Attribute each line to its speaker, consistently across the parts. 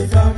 Speaker 1: If I'm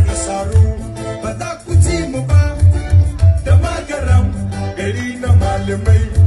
Speaker 1: taro ba za ku ci mu ba da magaram gari na malamai